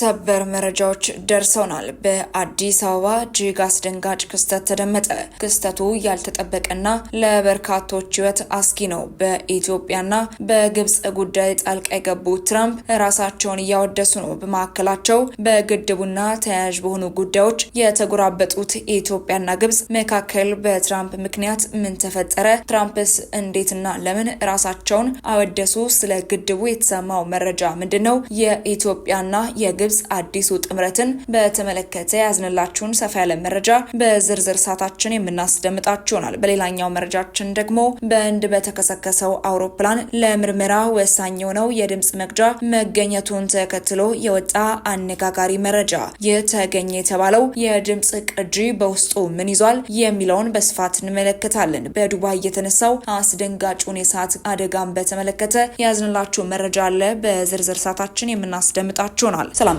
ሰበር መረጃዎች ደርሰውናል። በአዲስ አበባ እጅግ አስደንጋጭ ክስተት ተደመጠ። ክስተቱ ያልተጠበቀና ለበርካቶች ሕይወት አስጊ ነው። በኢትዮጵያና በግብጽ ጉዳይ ጣልቃ የገቡት ትራምፕ ራሳቸውን እያወደሱ ነው። በመካከላቸው በግድቡና ተያያዥ በሆኑ ጉዳዮች የተጎራበጡት ኢትዮጵያና ግብፅ መካከል በትራምፕ ምክንያት ምን ተፈጠረ? ትራምፕስ እንዴትና ለምን ራሳቸውን አወደሱ? ስለ ግድቡ የተሰማው መረጃ ምንድን ነው? የኢትዮጵያና የግብ ግብጽ አዲሱ ጥምረትን በተመለከተ ያዝንላችሁን ሰፋ ያለ መረጃ በዝርዝር ሰዓታችን የምናስደምጣችሁ ይሆናል። በሌላኛው መረጃችን ደግሞ በህንድ በተከሰከሰው አውሮፕላን ለምርመራ ወሳኝ የሆነው የድምፅ መቅጃ መገኘቱን ተከትሎ የወጣ አነጋጋሪ መረጃ ይህ ተገኘ የተባለው የድምፅ ቅጂ በውስጡ ምን ይዟል የሚለውን በስፋት እንመለከታለን። በዱባይ የተነሳው አስደንጋጩን የእሳት አደጋን በተመለከተ ያዝንላችሁ መረጃ አለ። በዝርዝር ሰዓታችን የምናስደምጣችሁናል። ሰላም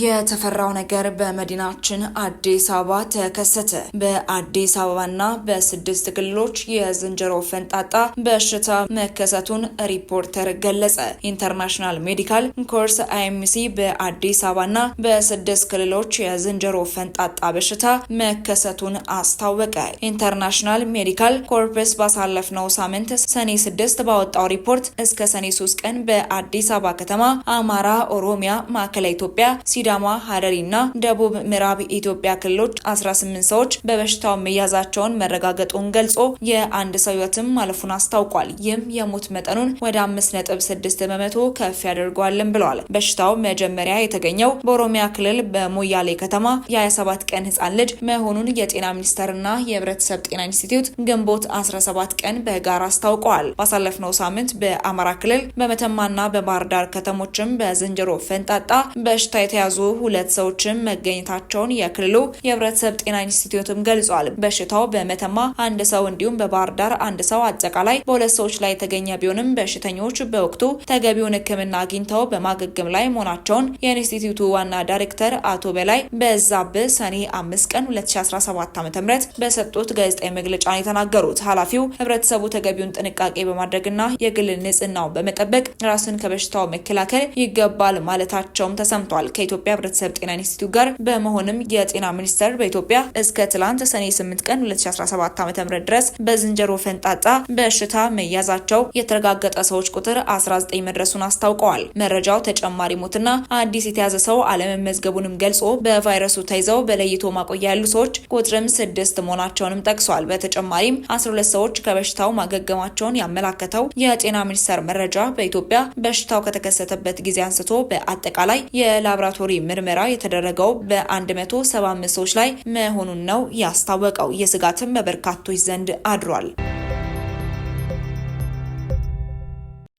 የተፈራው ነገር በመዲናችን አዲስ አበባ ተከሰተ። በአዲስ አበባና በስድስት ክልሎች የዝንጀሮ ፈንጣጣ በሽታ መከሰቱን ሪፖርተር ገለጸ። ኢንተርናሽናል ሜዲካል ኮርስ አይኤምሲ በአዲስ አበባና በስድስት ክልሎች የዝንጀሮ ፈንጣጣ በሽታ መከሰቱን አስታወቀ። ኢንተርናሽናል ሜዲካል ኮርፕስ ባሳለፍነው ሳምንት ሰኔ ስድስት ባወጣው ሪፖርት እስከ ሰኔ ሶስት ቀን በአዲስ አበባ ከተማ፣ አማራ፣ ኦሮሚያ፣ ማዕከላዊ ኢትዮጵያ ሲዳማ፣ ሀረሪና ደቡብ ምዕራብ ኢትዮጵያ ክልሎች 18 ሰዎች በበሽታው መያዛቸውን መረጋገጡን ገልጾ የአንድ ሰው ህይወትም ማለፉን አስታውቋል። ይህም የሞት መጠኑን ወደ 5.6 በመቶ ከፍ ያደርገዋልም ብለዋል። በሽታው መጀመሪያ የተገኘው በኦሮሚያ ክልል በሞያሌ ከተማ የ27 ቀን ህጻን ልጅ መሆኑን የጤና ሚኒስቴርና የህብረተሰብ ጤና ኢንስቲትዩት ግንቦት 17 ቀን በጋራ አስታውቀዋል። ባሳለፍነው ሳምንት በአማራ ክልል በመተማና በባህር ዳር ከተሞችም በዝንጀሮ ፈንጣጣ በሽታ የተያዙ የተያዙ ሁለት ሰዎችም መገኘታቸውን የክልሉ የህብረተሰብ ጤና ኢንስቲትዩትም ገልጿል። በሽታው በመተማ አንድ ሰው እንዲሁም በባህር ዳር አንድ ሰው አጠቃላይ በሁለት ሰዎች ላይ የተገኘ ቢሆንም በሽተኞች በወቅቱ ተገቢውን ሕክምና አግኝተው በማገገም ላይ መሆናቸውን የኢንስቲትዩቱ ዋና ዳይሬክተር አቶ በላይ በዛብህ ሰኔ አምስት ቀን 2017 ዓ ም በሰጡት ጋዜጣዊ መግለጫ የተናገሩት። ኃላፊው ህብረተሰቡ ተገቢውን ጥንቃቄ በማድረግና የግል ንጽህናውን በመጠበቅ ራስን ከበሽታው መከላከል ይገባል ማለታቸውም ተሰምቷል። ከኢትዮ ከኢትዮጵያ ህብረተሰብ ጤና ኢንስቲትዩት ጋር በመሆንም የጤና ሚኒስቴር በኢትዮጵያ እስከ ትላንት ሰኔ 8 ቀን 2017 ዓ.ም ድረስ በዝንጀሮ ፈንጣጣ በሽታ መያዛቸው የተረጋገጠ ሰዎች ቁጥር 19 መድረሱን አስታውቀዋል። መረጃው ተጨማሪ ሞትና አዲስ የተያዘ ሰው አለመመዝገቡንም ገልጾ በቫይረሱ ተይዘው በለይቶ ማቆያ ያሉ ሰዎች ቁጥርም ስድስት መሆናቸውንም ጠቅሷል። በተጨማሪም 12 ሰዎች ከበሽታው ማገገማቸውን ያመላከተው የጤና ሚኒስቴር መረጃ በኢትዮጵያ በሽታው ከተከሰተበት ጊዜ አንስቶ በአጠቃላይ የላብራቶ የላቦራቶሪ ምርመራ የተደረገው በ175 ሰዎች ላይ መሆኑን ነው ያስታወቀው። የስጋትም በበርካቶች ዘንድ አድሯል።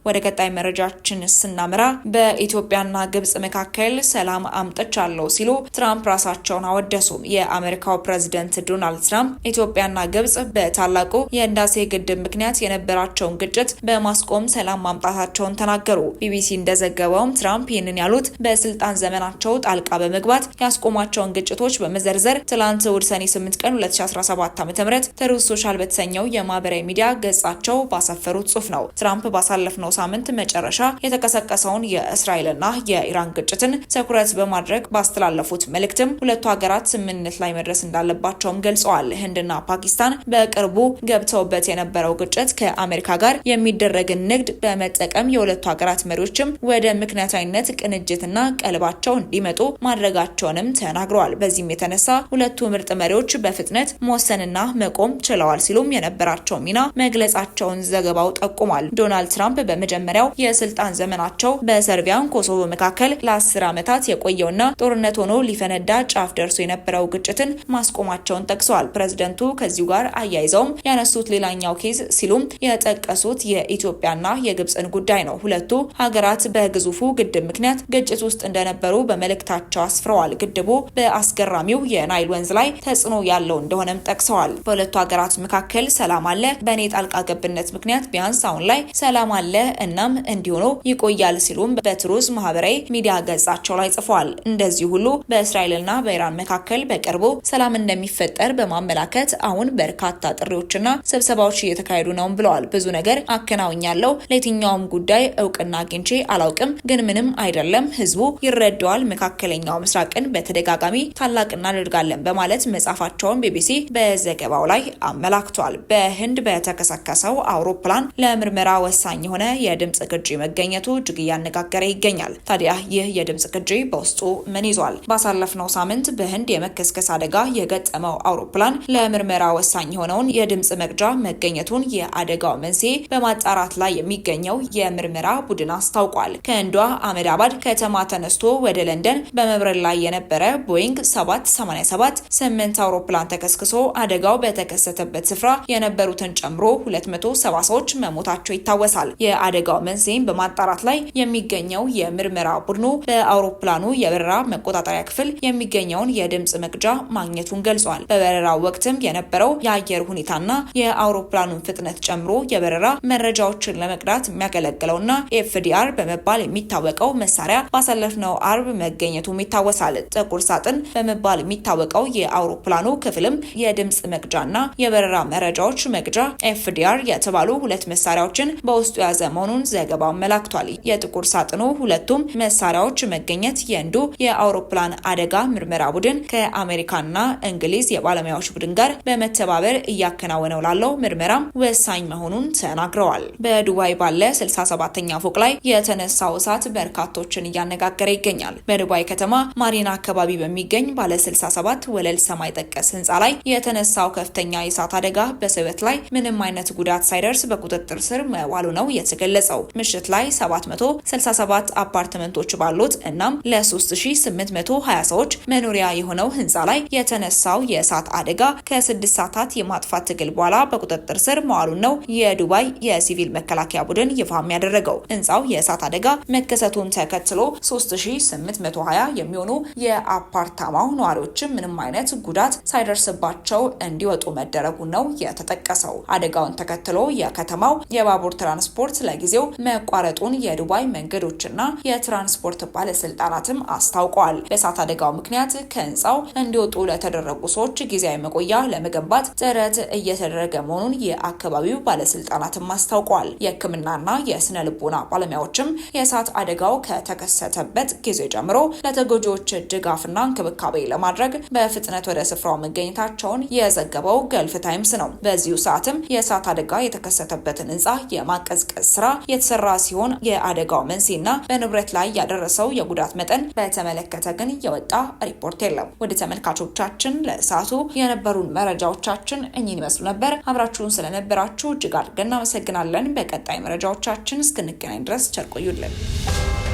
ወደ ቀጣይ መረጃችን ስናምራ በኢትዮጵያና ግብጽ መካከል ሰላም አምጥቻለሁ ሲሉ ትራምፕ ራሳቸውን አወደሱ። የአሜሪካው ፕሬዝደንት ዶናልድ ትራምፕ ኢትዮጵያና ግብጽ በታላቁ የህዳሴ ግድብ ምክንያት የነበራቸውን ግጭት በማስቆም ሰላም ማምጣታቸውን ተናገሩ። ቢቢሲ እንደዘገበውም ትራምፕ ይህንን ያሉት በስልጣን ዘመናቸው ጣልቃ በመግባት ያስቆማቸውን ግጭቶች በመዘርዘር ትላንት እሁድ ሰኔ 8 ቀን 2017 ዓ ም ተሩዝ ሶሻል በተሰኘው የማህበራዊ ሚዲያ ገጻቸው ባሰፈሩት ጽሑፍ ነው። ትራምፕ ባሳለፍነው ሳምንት መጨረሻ የተቀሰቀሰውን የእስራኤልና የኢራን ግጭትን ትኩረት በማድረግ ባስተላለፉት መልእክትም ሁለቱ ሀገራት ስምምነት ላይ መድረስ እንዳለባቸውም ገልጸዋል። ህንድና ፓኪስታን በቅርቡ ገብተውበት የነበረው ግጭት ከአሜሪካ ጋር የሚደረግን ንግድ በመጠቀም የሁለቱ ሀገራት መሪዎችም ወደ ምክንያታዊነት ቅንጅትና ቀልባቸው እንዲመጡ ማድረጋቸውንም ተናግረዋል። በዚህም የተነሳ ሁለቱ ምርጥ መሪዎች በፍጥነት መወሰንና መቆም ችለዋል ሲሉም የነበራቸው ሚና መግለጻቸውን ዘገባው ጠቁሟል። ዶናልድ ትራምፕ በ በመጀመሪያው የስልጣን ዘመናቸው በሰርቢያን ኮሶቮ መካከል ለአስር ዓመታት የቆየውና ጦርነት ሆኖ ሊፈነዳ ጫፍ ደርሶ የነበረው ግጭትን ማስቆማቸውን ጠቅሰዋል። ፕሬዝደንቱ ከዚሁ ጋር አያይዘውም ያነሱት ሌላኛው ኬዝ ሲሉም የጠቀሱት የኢትዮጵያና የግብፅን ጉዳይ ነው። ሁለቱ ሀገራት በግዙፉ ግድብ ምክንያት ግጭት ውስጥ እንደነበሩ በመልእክታቸው አስፍረዋል። ግድቡ በአስገራሚው የናይል ወንዝ ላይ ተጽዕኖ ያለው እንደሆነም ጠቅሰዋል። በሁለቱ ሀገራት መካከል ሰላም አለ። በእኔ ጣልቃ ገብነት ምክንያት ቢያንስ አሁን ላይ ሰላም አለ እናም እንዲሆኑ ይቆያል ሲሉም በትሩዝ ማህበራዊ ሚዲያ ገጻቸው ላይ ጽፏል። እንደዚህ ሁሉ በእስራኤልና በኢራን መካከል በቅርቡ ሰላም እንደሚፈጠር በማመላከት አሁን በርካታ ጥሪዎችና ስብሰባዎች እየተካሄዱ ነው ብለዋል። ብዙ ነገር አከናውኛለሁ። ለየትኛውም ጉዳይ እውቅና አግኝቼ አላውቅም፣ ግን ምንም አይደለም። ህዝቡ ይረዳዋል። መካከለኛው ምስራቅን በተደጋጋሚ ታላቅ እናደርጋለን በማለት መጻፋቸውን ቢቢሲ በዘገባው ላይ አመላክቷል። በህንድ በተከሰከሰው አውሮፕላን ለምርመራ ወሳኝ የሆነ የድምፅ ቅጂ መገኘቱ እጅግ እያነጋገረ ይገኛል። ታዲያ ይህ የድምፅ ቅጂ በውስጡ ምን ይዟል? ባሳለፍነው ሳምንት በህንድ የመከስከስ አደጋ የገጠመው አውሮፕላን ለምርመራ ወሳኝ የሆነውን የድምፅ መቅጃ መገኘቱን የአደጋው መንስኤ በማጣራት ላይ የሚገኘው የምርመራ ቡድን አስታውቋል። ከህንዷ አመዳባድ ከተማ ተነስቶ ወደ ለንደን በመብረር ላይ የነበረ ቦይንግ 787 ስምንት አውሮፕላን ተከስክሶ አደጋው በተከሰተበት ስፍራ የነበሩትን ጨምሮ 270 ሰዎች መሞታቸው ይታወሳል። የአደጋው መንስኤም በማጣራት ላይ የሚገኘው የምርመራ ቡድኑ በአውሮፕላኑ የበረራ መቆጣጠሪያ ክፍል የሚገኘውን የድምፅ መቅጃ ማግኘቱን ገልጿል። በበረራ ወቅትም የነበረው የአየር ሁኔታና የአውሮፕላኑን ፍጥነት ጨምሮ የበረራ መረጃዎችን ለመቅዳት የሚያገለግለውና ኤፍዲአር በመባል የሚታወቀው መሳሪያ ባሳለፍነው አርብ መገኘቱም ይታወሳል። ጥቁር ሳጥን በመባል የሚታወቀው የአውሮፕላኑ ክፍልም የድምፅ መቅጃና የበረራ መረጃዎች መቅጃ ኤፍዲአር የተባሉ ሁለት መሳሪያዎችን በውስጡ የያዘ መሆኑን መሆኑን ዘገባው አመላክቷል። የጥቁር ሳጥኑ ሁለቱም መሳሪያዎች መገኘት የህንዱ የአውሮፕላን አደጋ ምርመራ ቡድን ከአሜሪካና እንግሊዝ የባለሙያዎች ቡድን ጋር በመተባበር እያከናወነው ላለው ምርመራም ወሳኝ መሆኑን ተናግረዋል። በዱባይ ባለ 67ኛ ፎቅ ላይ የተነሳው እሳት በርካቶችን እያነጋገረ ይገኛል። በዱባይ ከተማ ማሪና አካባቢ በሚገኝ ባለ 67 ወለል ሰማይ ጠቀስ ህንፃ ላይ የተነሳው ከፍተኛ የእሳት አደጋ በሰበት ላይ ምንም አይነት ጉዳት ሳይደርስ በቁጥጥር ስር መዋሉ ነው የተገለ የገለጸው። ምሽት ላይ 767 አፓርትመንቶች ባሉት እናም ለ3820 ሰዎች መኖሪያ የሆነው ህንፃ ላይ የተነሳው የእሳት አደጋ ከ6 ሰዓታት የማጥፋት ትግል በኋላ በቁጥጥር ስር መዋሉን ነው የዱባይ የሲቪል መከላከያ ቡድን ይፋም ያደረገው። ህንፃው የእሳት አደጋ መከሰቱን ተከትሎ 3820 የሚሆኑ የአፓርታማው ነዋሪዎችም ምንም አይነት ጉዳት ሳይደርስባቸው እንዲወጡ መደረጉ ነው የተጠቀሰው። አደጋውን ተከትሎ የከተማው የባቡር ትራንስፖርት ለጊዜው መቋረጡን የዱባይ መንገዶችና የትራንስፖርት ባለስልጣናትም አስታውቀዋል። በእሳት አደጋው ምክንያት ከህንፃው እንዲወጡ ለተደረጉ ሰዎች ጊዜያዊ መቆያ ለመገንባት ጥረት እየተደረገ መሆኑን የአካባቢው ባለስልጣናትም አስታውቀዋል። የህክምናና የስነ ልቦና ባለሙያዎችም የእሳት አደጋው ከተከሰተበት ጊዜ ጀምሮ ለተጎጂዎች ድጋፍና እንክብካቤ ለማድረግ በፍጥነት ወደ ስፍራው መገኘታቸውን የዘገበው ገልፍ ታይምስ ነው። በዚሁ ሰዓትም የእሳት አደጋ የተከሰተበትን ህንፃ የማቀዝቀዝ ስራ ስራ የተሰራ ሲሆን የአደጋው መንስኤና በንብረት ላይ ያደረሰው የጉዳት መጠን በተመለከተ ግን የወጣ ሪፖርት የለም። ወደ ተመልካቾቻችን ለእሳቱ የነበሩን መረጃዎቻችን እኚህን ይመስሉ ነበር። አብራችሁን ስለነበራችሁ እጅግ አድርገን እናመሰግናለን። በቀጣይ መረጃዎቻችን እስክንገናኝ ድረስ ቸር ቆዩልን።